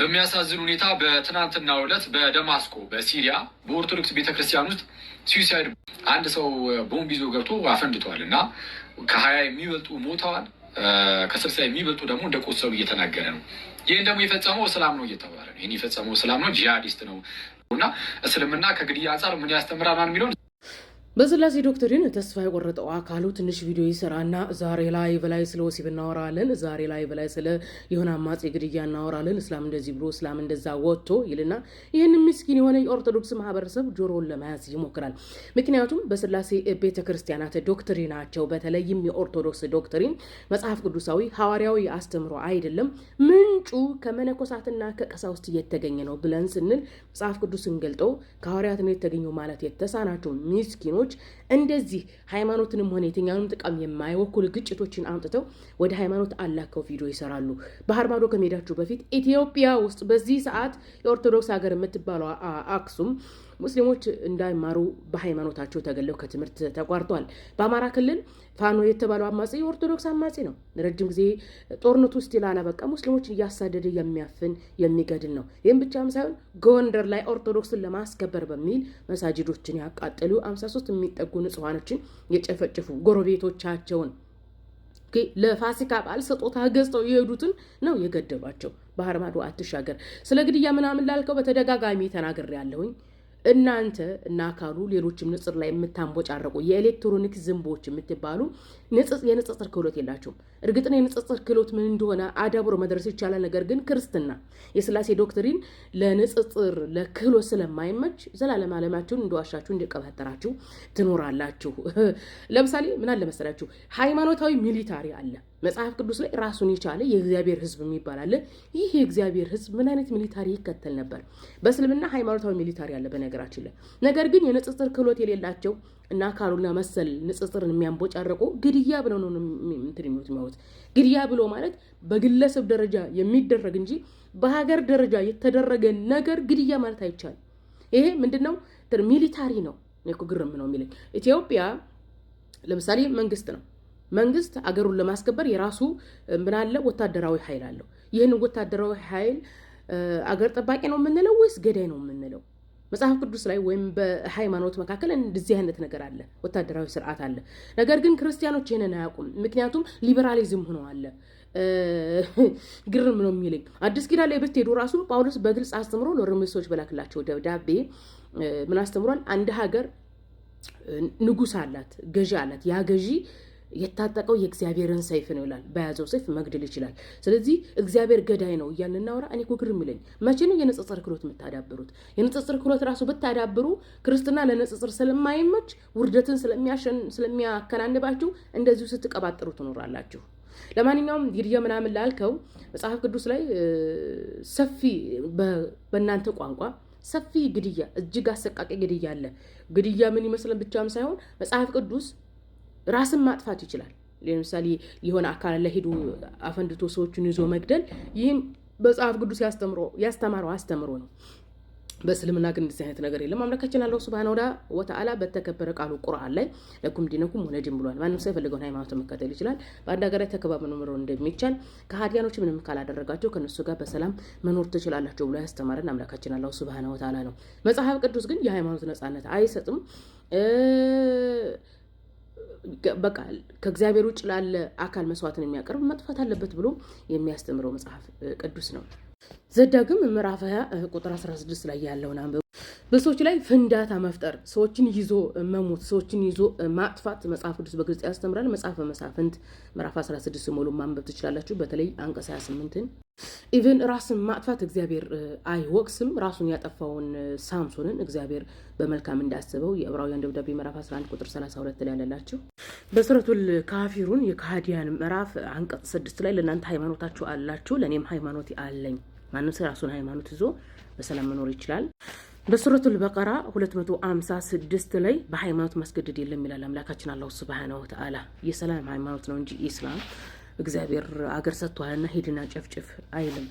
በሚያሳዝን ሁኔታ በትናንትና ዕለት በደማስቆ በሲሪያ በኦርቶዶክስ ቤተክርስቲያን ውስጥ ሱሳይድ አንድ ሰው ቦምብ ይዞ ገብቶ አፈንድቷል እና ከሀያ የሚበልጡ ሞተዋል፣ ከስልሳ የሚበልጡ ደግሞ ቆሰሉ እየተናገረ ነው። ይህን ደግሞ የፈጸመው እስላም ነው እየተባለ ነው። ይህን የፈጸመው እስላም ነው፣ ጂሃዲስት ነው እና እስልምና ከግድያ አንጻር ምን ያስተምራናል የሚለውን በስላሴ ዶክተሪን ተስፋ የቆረጠው አካሉ ትንሽ ቪዲዮ ይሰራና ዛሬ ላይ ላይ ስለ ወሲብ እናወራለን፣ ዛሬ ላይ ላይ ስለ የሆነ አማጽ ግድያ እናወራለን፣ እስላም እንደዚህ ብሎ እስላም እንደዛ ወጥቶ ይልና ይህን ምስኪን የሆነ የኦርቶዶክስ ማህበረሰብ ጆሮውን ለመያዝ ይሞክራል። ምክንያቱም በስላሴ ቤተ ክርስቲያናት ዶክትሪናቸው በተለይም የኦርቶዶክስ ዶክትሪን መጽሐፍ ቅዱሳዊ ሐዋርያዊ አስተምሮ አይደለም ምን ምንጩ ከመነኮሳትና ከቀሳውስት እየተገኘ ነው ብለን ስንል መጽሐፍ ቅዱስ ገልጠው ከሐዋርያት ነው የተገኘው ማለት የተሳናቸው ሚስኪኖች እንደዚህ ሃይማኖትንም ሆነ የትኛውንም ጥቃም የማይወክሉ ግጭቶችን አምጥተው ወደ ሃይማኖት አላከው ቪዲዮ ይሰራሉ። ባህር ማዶ ከመሄዳችሁ በፊት ኢትዮጵያ ውስጥ በዚህ ሰዓት የኦርቶዶክስ ሀገር የምትባለው አክሱም ሙስሊሞች እንዳይማሩ በሃይማኖታቸው ተገለው ከትምህርት ተቋርጧል። በአማራ ክልል ፋኖ የተባለው አማጺ የኦርቶዶክስ አማጺ ነው። ረጅም ጊዜ ጦርነቱ ውስጥ በቃ ሙስሊሞችን እያሳደደ የሚያፍን የሚገድል ነው። ይህም ብቻም ሳይሆን ጎንደር ላይ ኦርቶዶክስን ለማስከበር በሚል መሳጅዶችን ያቃጠሉ 53 የሚጠጉ ንጹሐኖችን የጨፈጨፉ ጎረቤቶቻቸውን ለፋሲካ በዓል ስጦታ ገዝተው የሄዱትን ነው የገደሏቸው። ባህር ማዶ አትሻገር ስለ ግድያ ምናምን ላልከው በተደጋጋሚ ተናግሬ ያለሁኝ እናንተ እና አካሉ ሌሎችም ንጽር ላይ የምታንቦጫረቁ የኤሌክትሮኒክ ዝንቦች የምትባሉ የንጽጽር ክህሎት የላቸውም። እርግጥን የንጽጽር ክህሎት ምን እንደሆነ አዳብሮ መድረስ ይቻላል። ነገር ግን ክርስትና የስላሴ ዶክትሪን ለንጽጽር ለክህሎት ስለማይመች ዘላለም አለማችሁን እንደዋሻችሁ እንደቀባጠራችሁ ትኖራላችሁ። ለምሳሌ ምን አለ መሰላችሁ ሃይማኖታዊ ሚሊታሪ አለ። መጽሐፍ ቅዱስ ላይ ራሱን የቻለ የእግዚአብሔር ሕዝብ የሚባል አለ። ይህ የእግዚአብሔር ሕዝብ ምን አይነት ሚሊታሪ ይከተል ነበር? በእስልምና ሃይማኖታዊ ሚሊታሪ አለ በነገ በነገራችን ላይ ነገር ግን የንጽጽር ክህሎት የሌላቸው እና አካሉና መሰል ንጽጽርን የሚያንቦጫረቁ ግድያ ብለው ነው እንትን የሚሉት የሚያወት ግድያ ብሎ ማለት በግለሰብ ደረጃ የሚደረግ እንጂ በሀገር ደረጃ የተደረገ ነገር ግድያ ማለት አይቻልም። ይሄ ምንድን ነው? ሚሊታሪ ነው። እኮ ግርም ነው የሚለኝ ኢትዮጵያ ለምሳሌ መንግስት ነው መንግስት አገሩን ለማስከበር የራሱ ምን አለ ወታደራዊ ኃይል አለው። ይህን ወታደራዊ ኃይል አገር ጠባቂ ነው የምንለው ወይስ ገዳይ ነው የምንለው? መጽሐፍ ቅዱስ ላይ ወይም በሃይማኖት መካከል እንደዚህ አይነት ነገር አለ፣ ወታደራዊ ስርዓት አለ። ነገር ግን ክርስቲያኖች ይህንን አያውቁም። ምክንያቱም ሊበራሊዝም ሆኖ አለ። ግርም ነው የሚለኝ። አዲስ ኪዳን ላይ ብትሄዱ ራሱ ጳውሎስ በግልጽ አስተምሮ ለሮሜ ሰዎች በላክላቸው ደብዳቤ ምን አስተምሯል? አንድ ሀገር ንጉሥ አላት፣ ገዢ አላት። ያ ገዢ የታጠቀው የእግዚአብሔርን ሰይፍ ነው ይላል። በያዘው ሰይፍ መግደል ይችላል። ስለዚህ እግዚአብሔር ገዳይ ነው እያልን እናወራ። እኔ እኮ ግር መቼ ነው የንጽጽር ክሎት የምታዳብሩት? የንጽጽር ክሎት ራሱ ብታዳብሩ ክርስትና ለንጽጽር ስለማይመች ውርደትን ስለሚያከናንባችሁ እንደዚሁ ስትቀባጥሩ ትኖራላችሁ። ለማንኛውም ግድያ ምናምን ላልከው መጽሐፍ ቅዱስ ላይ ሰፊ በእናንተ ቋንቋ ሰፊ ግድያ፣ እጅግ አሰቃቂ ግድያ አለ። ግድያ ምን ይመስለን ብቻም ሳይሆን መጽሐፍ ቅዱስ ራስን ማጥፋት ይችላል። ለምሳሌ የሆነ አካል ለሄዱ አፈንድቶ ሰዎችን ይዞ መግደል፣ ይህም በጽሐፍ ቅዱስ ያስተማረው አስተምሮ ነው። በእስልምና ግን እንደዚህ አይነት ነገር የለም። አምላካችን አላሁ ሱብሃነሁ ወተዓላ በተከበረ ቃሉ ቁርአን ላይ ለኩም ዲነኩም ወለድን ብሏል። ማንም ሰው የፈለገውን ሃይማኖት መከተል ይችላል። በአንድ ሀገር ላይ ተከባብ መኖር እንደሚቻል ከሀዲያኖች ምንም ካላደረጋቸው ከእነሱ ጋር በሰላም መኖር ትችላላቸው ብሎ ያስተማረን አምላካችን አላሁ ሱብሃነሁ ወተዓላ ነው። መጽሐፍ ቅዱስ ግን የሃይማኖት ነጻነት አይሰጥም። በቃ ከእግዚአብሔር ውጭ ላለ አካል መስዋዕትን የሚያቀርብ መጥፋት አለበት ብሎ የሚያስተምረው መጽሐፍ ቅዱስ ነው። ዘዳግም ምዕራፍ 20 ቁጥር 16 ላይ ያለውን አንብ በሰዎች ላይ ፍንዳታ መፍጠር፣ ሰዎችን ይዞ መሞት፣ ሰዎችን ይዞ ማጥፋት መጽሐፍ ቅዱስ በግልጽ ያስተምራል። መጽሐፈ መሳፍንት ምዕራፍ 16 ሙሉ ማንበብ ትችላላችሁ። በተለይ አንቀጽ 28ን ኢቨን ራስን ማጥፋት እግዚአብሔር አይወቅስም። ራሱን ያጠፋውን ሳምሶንን እግዚአብሔር በመልካም እንዳስበው የዕብራውያን ደብዳቤ ምዕራፍ 11 ቁጥር 32 ላይ ያለላቸው በሱረቱል ካፊሩን የካህዲያን ምዕራፍ አንቀጽ 6 ላይ ለእናንተ ሃይማኖታችሁ አላችሁ፣ ለእኔም ሃይማኖት አለኝ። ማንም ሰው ራሱን ሃይማኖት ይዞ በሰላም መኖር ይችላል። በሱረቱል በቀራ 256 ላይ በሃይማኖት ማስገደድ የለም ይላል አምላካችን አላሁ ስብሃነሁ ወተዓላ። የሰላም ሃይማኖት ነው እንጂ ኢስላም እግዚአብሔር አገር ሰጥቷልና ሂድና ጨፍጭፍ አይልም።